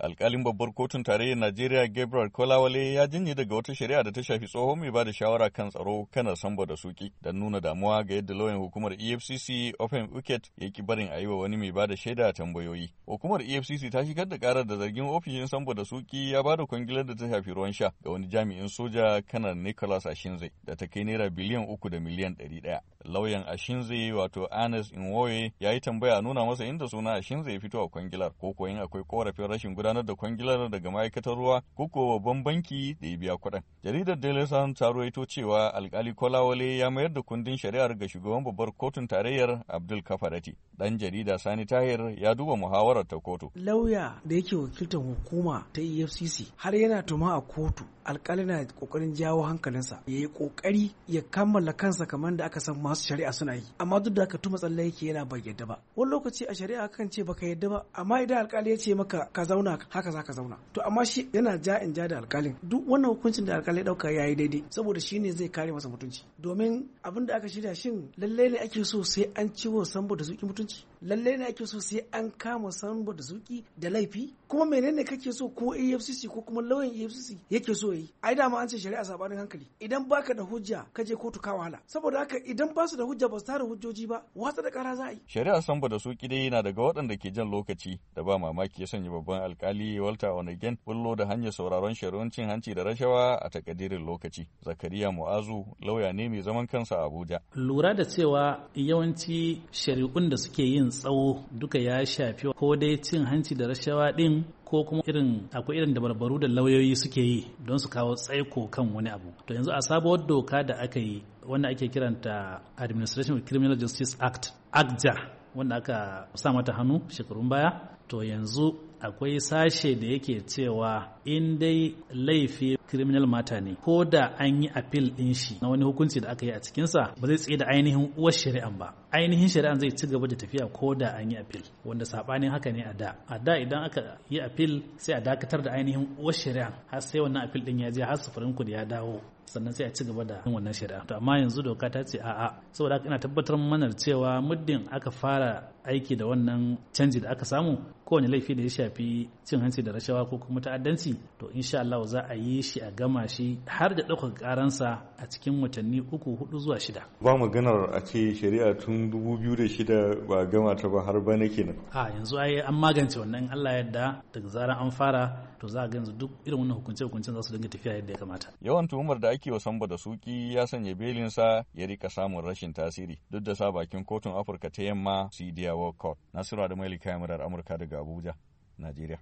alkalin babbar kotun tarayyar najeriya gabriel kolawale ya jinye daga wata shari'a da ta shafi tsohon mai ba da shawara kan tsaro kanar sambo da suki don nuna damuwa ga yadda lauyan hukumar efcc open uket ya ki barin a yi wa wani mai ba da shaida tambayoyi hukumar efcc ta shigar da karar da zargin ofishin sambo da suki ya ba da kwangilar da ta shafi ruwan sha ga wani jami'in soja kanar nicholas ashinze da ta kai naira biliyan uku da miliyan ɗari ɗaya lauyan ashinze wato anes inwoye ya yi tambaya nuna masa inda suna ashinze ya fito a kwangilar ko koyin akwai korafin rashin gudanar gudanar da kwangilar daga ma'aikatar ruwa ko ko babban banki da ya biya kuɗin. Jaridar Daily Sun ta ruwaito cewa alkali Kolawale ya mayar da kundin shari'ar ga shugaban babbar kotun tarayyar Abdul Kafarati. Dan jarida Sani Tahir ya duba muhawarar ta kotu. Lauya da yake wakiltar hukuma ta EFCC har yana tuma a kotu alkali na kokarin jawo hankalinsa ya yi kokari ya kammala kansa kamar da aka san masu shari'a suna yi amma duk da aka tuma tsalle yake yana bai yadda ba wani lokaci a shari'a kan ce baka yadda ba amma idan alkali ya ce maka ka zauna haka haka zaka zauna to amma shi yana ja in ja da alkalin duk wannan hukuncin da alkalin dauka yayi daidai saboda shi ne zai kare masa mutunci domin abin da aka shirya shin lalle ne ake so sai an ciwo sambo da zuki mutunci lalle ne ake so sai an kama sambo da zuki da laifi kuma menene kake so ko AFCC ko kuma lauyan AFCC yake so yi ai dama an ce shari'a sabanin hankali idan baka da hujja ka je kotu ka wahala saboda haka idan ba su da hujja ba su tara hujjoji ba wasa da kara za a yi shari'a sambo da suki dai yana daga waɗanda ke jan lokaci da ba mamaki ya sanya babban alkali alkali Walter Onegen bullo da hanyar sauraron shari'un cin hanci da rashawa a takadirin lokaci. Zakariya Mu'azu lauya ne mai zaman kansa a Abuja. Lura da cewa yawanci shari'un da suke yin tsawo duka ya shafi ko dai cin hanci da rashawa din ko kuma irin akwai irin dabarbaru da lauyoyi suke yi don su kawo tsaiko kan wani abu to yanzu a sabuwar doka da aka yi wanda ake kiranta administration of criminal justice act agja wanda aka sa mata hannu shekarun baya to yanzu akwai sashe da yake cewa in dai laifi criminal mata ne ko da an yi appeal din shi na wani hukunci da aka yi a cikinsa ba zai tsaye da ainihin uwar shari'an ba ainihin shari'an zai ci gaba da tafiya ko da an yi appeal wanda sabanin haka ne a da a da idan aka yi appeal sai a dakatar da ainihin uwar shari'an har sai wannan appeal din ya je har sufurin kudi ya dawo sannan sai a ci gaba da wannan shari'a to amma yanzu doka ta ce a'a saboda haka ina tabbatar mana cewa muddin aka fara aiki da wannan canji da aka samu kowane laifi da ya shafi cin hanci da rashawa ko kuma ta'addanci to insha Allah za a yi shi a gama shi har da ɗaukar karansa a cikin watanni uku hudu zuwa shida. Ba maganar a ce shari'a tun dubu biyu da shida ba gama ta ba har bana kenan. A yanzu ai an magance wannan Allah yadda daga zarar an fara to za a duk irin wannan hukunce hukuncen za su dinga tafiya yadda ya kamata. Yawan tuhumar da ake wa Samba da Suki ya sanya belinsa ya rika samun rashin tasiri duk da sa bakin kotun Afirka ta yamma CDAO. World Cup. Nasiru Adamu Ali kayan murar Amurka daga Abuja, Najeriya.